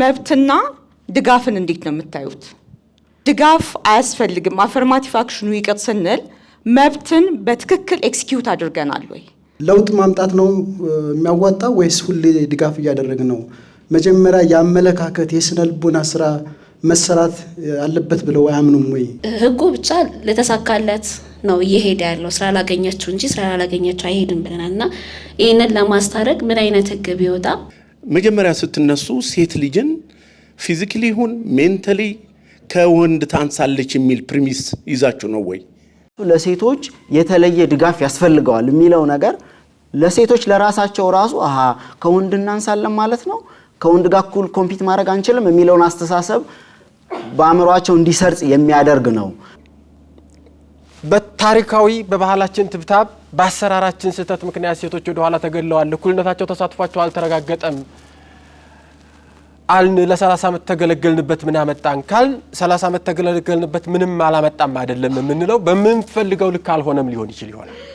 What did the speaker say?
መብትና ድጋፍን እንዴት ነው የምታዩት? ድጋፍ አያስፈልግም አፈርማቲቭ አክሽኑ ይቅር ስንል መብትን በትክክል ኤክስኪዩት አድርገናል ወይ? ለውጥ ማምጣት ነው የሚያዋጣው ወይስ ሁሌ ድጋፍ እያደረግ ነው? መጀመሪያ የአመለካከት የስነ ልቦና ስራ መሰራት አለበት ብለው አያምኑም ወይ? ህጉ ብቻ ለተሳካለት ነው እየሄደ ያለው ስራ ላገኘችው እንጂ ስራ ላገኘችው አይሄድም ብለናል እና ይህንን ለማስታረቅ ምን አይነት ህግ ቢወጣ መጀመሪያ ስትነሱ ሴት ልጅን ፊዚክሊ ይሁን ሜንታሊ ከወንድ ታንሳለች የሚል ፕሪሚስ ይዛችሁ ነው ወይ? ለሴቶች የተለየ ድጋፍ ያስፈልገዋል የሚለው ነገር ለሴቶች ለራሳቸው ራሱ አሀ ከወንድ እናንሳለን ማለት ነው፣ ከወንድ ጋር እኩል ኮምፒት ማድረግ አንችልም የሚለውን አስተሳሰብ በአእምሯቸው እንዲሰርጽ የሚያደርግ ነው። በታሪካዊ በባህላችን ትብታብ በአሰራራችን ስህተት ምክንያት ሴቶች ወደ ኋላ ተገለዋል፣ እኩልነታቸው ተሳትፏቸው አልተረጋገጠም አልን ለ30 ዓመት ተገለገልንበት ምን አመጣን ካል 30 ዓመት ተገለገልንበት ምንም አላመጣም አይደለም የምንለው በምንፈልገው ልክ አልሆነም ሊሆን ይችል ይሆናል።